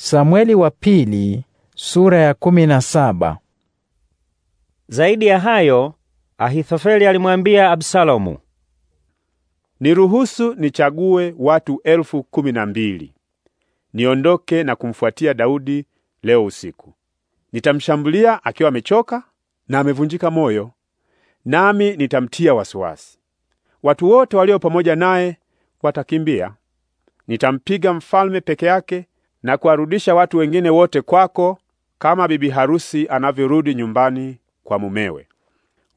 Samueli wa pili sura ya kumi na saba. Zaidi ya hayo, Ahithofeli alimwambia Absalomu, niruhusu nichague watu elfu kumi na mbili niondoke na kumfuatia Daudi leo usiku. Nitamshambulia akiwa amechoka na amevunjika moyo, nami nitamtia wasiwasi. Watu wote walio pamoja naye watakimbia. Nitampiga mfalme peke yake na kuwarudisha watu wengine wote kwako kama bibi harusi anavyorudi nyumbani kwa mumewe.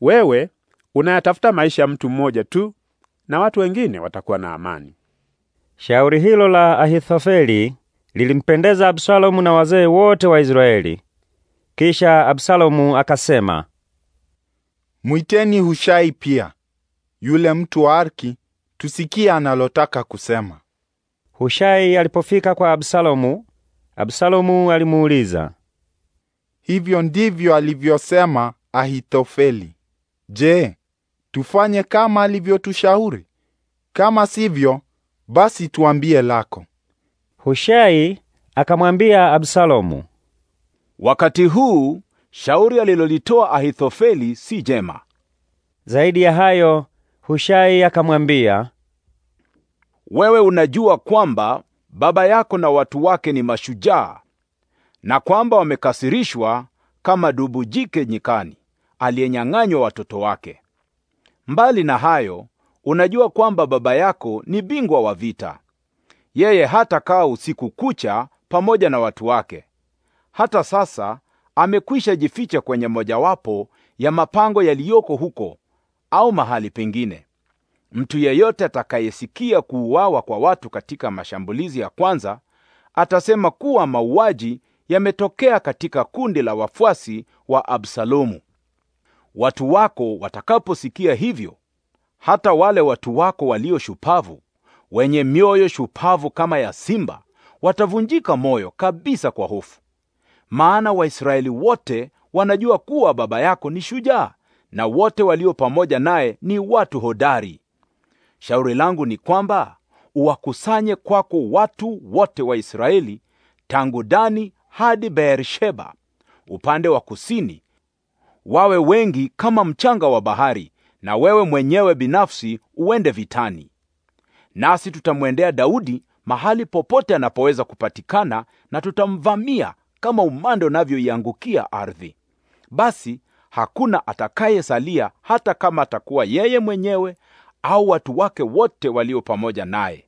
Wewe unayatafuta maisha ya mtu mmoja tu na watu wengine watakuwa na amani. Shauri hilo la Ahithofeli lilimpendeza Absalomu na wazee wote wa Israeli. Kisha Absalomu akasema, mwiteni Hushai pia yule mtu wa Arki, tusikie analotaka kusema. Hushai alipofika kwa Absalomu, Absalomu alimuuliza, hivyo ndivyo alivyosema ahitofeli Je, tufanye kama alivyotushauri? Kama sivyo, basi tuambie lako. Hushai akamwambia Absalomu, wakati huu shauri alilolitoa Ahithofeli si jema. Zaidi ya hayo, Hushai akamwambia, wewe unajua kwamba baba yako na watu wake ni mashujaa na kwamba wamekasirishwa kama dubu jike nyikani aliyenyang'anywa watoto wake. Mbali na hayo, unajua kwamba baba yako ni bingwa wa vita. Yeye hata kaa usiku kucha pamoja na watu wake. Hata sasa amekwisha jificha kwenye mojawapo ya mapango yaliyoko huko au mahali pengine. Mtu yeyote atakayesikia kuuawa kwa watu katika mashambulizi ya kwanza atasema kuwa mauaji yametokea katika kundi la wafuasi wa Absalomu. Watu wako watakaposikia hivyo, hata wale watu wako walio shupavu, wenye mioyo shupavu kama ya simba, watavunjika moyo kabisa kwa hofu. Maana Waisraeli wote wanajua kuwa baba yako ni shujaa na wote walio pamoja naye ni watu hodari. Shauri langu ni kwamba uwakusanye kwako watu wote wa Israeli tangu Dani hadi Beersheba upande wa kusini, wawe wengi kama mchanga wa bahari, na wewe mwenyewe binafsi uende vitani. Nasi tutamwendea Daudi mahali popote anapoweza kupatikana, na tutamvamia kama umande unavyoiangukia ardhi. Basi hakuna atakayesalia, hata kama atakuwa yeye mwenyewe au watu wake wote walio pamoja naye.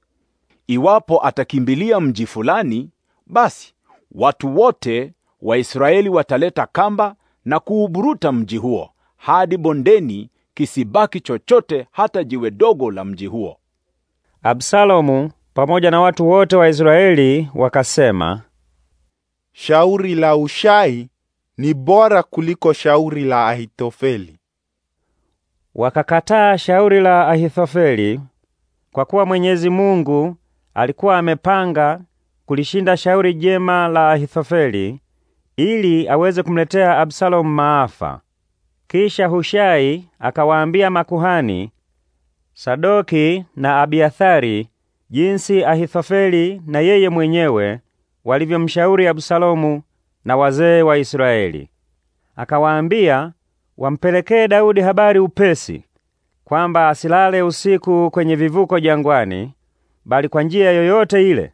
Iwapo atakimbilia mji fulani, basi watu wote wa Israeli wataleta kamba na kuuburuta mji huo hadi bondeni, kisibaki chochote hata jiwe dogo la mji huo. Absalomu pamoja na watu wote wa Israeli wakasema, shauri la Ushai ni bora kuliko shauri la Ahitofeli. Wakakataa shauri la Ahithofeli kwa kuwa Mwenyezi Mungu alikuwa amepanga kulishinda shauri jema la Ahithofeli ili aweze kumletea Absalomu maafa. Kisha Hushai akawaambia makuhani Sadoki na Abiathari jinsi Ahithofeli na yeye mwenyewe walivyomshauri Absalomu na wazee wa Israeli. Akawaambia wampelekee Daudi habari upesi kwamba asilale usiku kwenye vivuko jangwani, bali kwa njia yoyote ile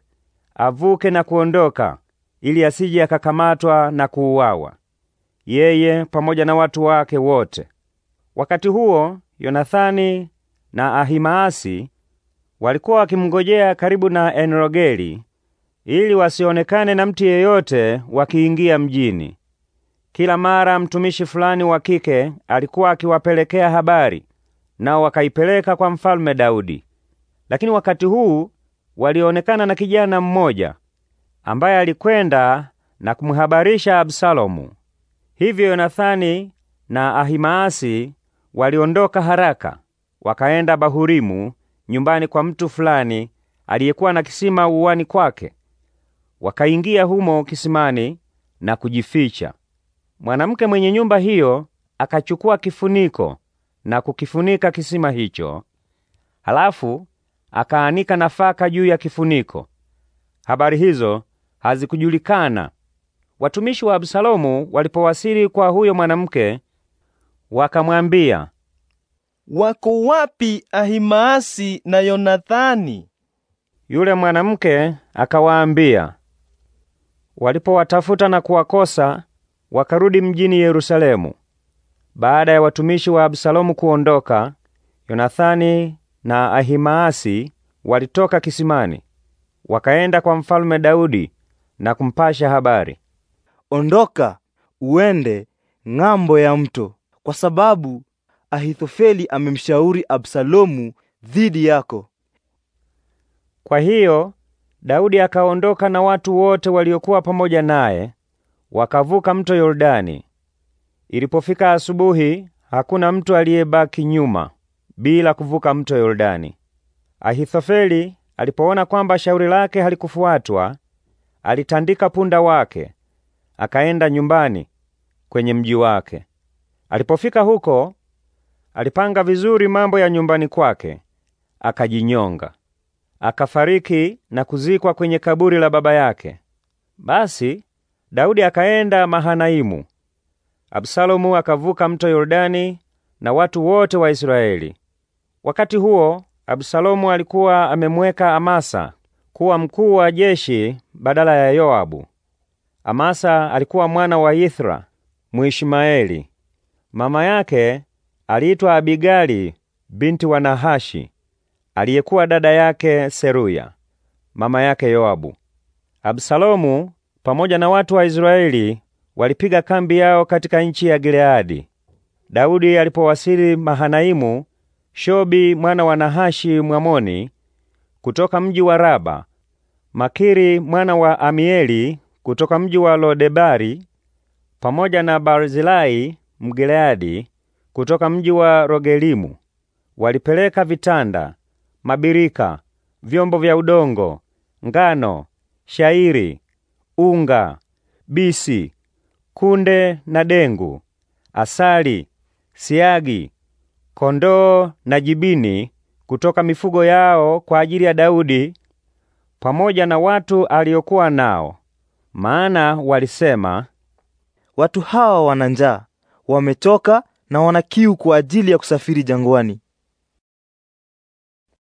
avuke na kuondoka, ili asije akakamatwa na kuuawa, yeye pamoja na watu wake wote. Wakati huo Yonathani na Ahimaasi walikuwa wakimngojea karibu na Enrogeli ili wasionekane na mtu yeyote wakiingia mjini. Kila mara mtumishi fulani wa kike alikuwa akiwapelekea habari, nao wakaipeleka kwa mfalme Daudi. Lakini wakati huu walionekana na kijana mmoja ambaye alikwenda na kumhabarisha Absalomu. Hivyo Yonathani na Ahimaasi waliondoka haraka, wakaenda Bahurimu, nyumbani kwa mtu fulani aliyekuwa na kisima uwani kwake. Wakaingia humo kisimani na kujificha. Mwanamke mwenye nyumba hiyo akachukua kifuniko na kukifunika kisima hicho, halafu akaanika nafaka juu ya kifuniko. Habari hizo hazikujulikana. Watumishi wa Absalomu walipowasili kwa huyo mwanamke, wakamwambia, wako wapi Ahimaasi na Yonathani? Yule mwanamke akawaambia, walipowatafuta na kuwakosa, Wakarudi mjini Yerusalemu. Baada ya watumishi wa Absalomu kuondoka, Yonathani na Ahimaasi walitoka kisimani, wakaenda kwa mfalme Daudi na kumpasha habari, ondoka uende ng'ambo ya mto, kwa sababu Ahithofeli amemshauri Absalomu dhidi yako. Kwa hiyo Daudi akaondoka na watu wote waliokuwa pamoja naye wakavuka mto Yordani. Ilipofika asubuhi, hakuna mtu aliyebaki nyuma bila kuvuka mto Yordani. Ahithofeli alipoona kwamba shauri lake halikufuatwa, alitandika punda wake akaenda nyumbani kwenye mji wake. Alipofika huko, alipanga vizuri mambo ya nyumbani kwake, akajinyonga, akafariki na kuzikwa kwenye kaburi la baba yake. Basi Daudi akaenda Mahanaimu. Absalomu akavuka mto Yordani na watu wote wa Israeli. Wakati huo Absalomu alikuwa amemweka Amasa kuwa mkuu wa jeshi badala ya Yoabu. Amasa alikuwa mwana wa Yithra Mwishmaeli. Mama yake aliitwa Abigali binti wa Nahashi aliyekuwa dada yake Seruya mama yake Yoabu. Absalomu pamoja na watu wa Israeli walipiga kambi yao katika nchi ya Gileadi. Daudi alipowasili Mahanaimu, Shobi mwana wa Nahashi Mwamoni kutoka mji wa Raba, Makiri mwana wa Amieli kutoka mji wa Lodebari, pamoja na Barzilai Mgileadi kutoka mji wa Rogelimu walipeleka vitanda, mabirika, vyombo vya udongo, ngano, shairi, unga, bisi, kunde na dengu, asali, siagi, kondoo na jibini kutoka mifugo yao kwa ajili ya Daudi pamoja na watu aliokuwa nao, maana walisema, watu hawa wana njaa, wametoka na wana kiu kwa ajili ya kusafiri jangwani.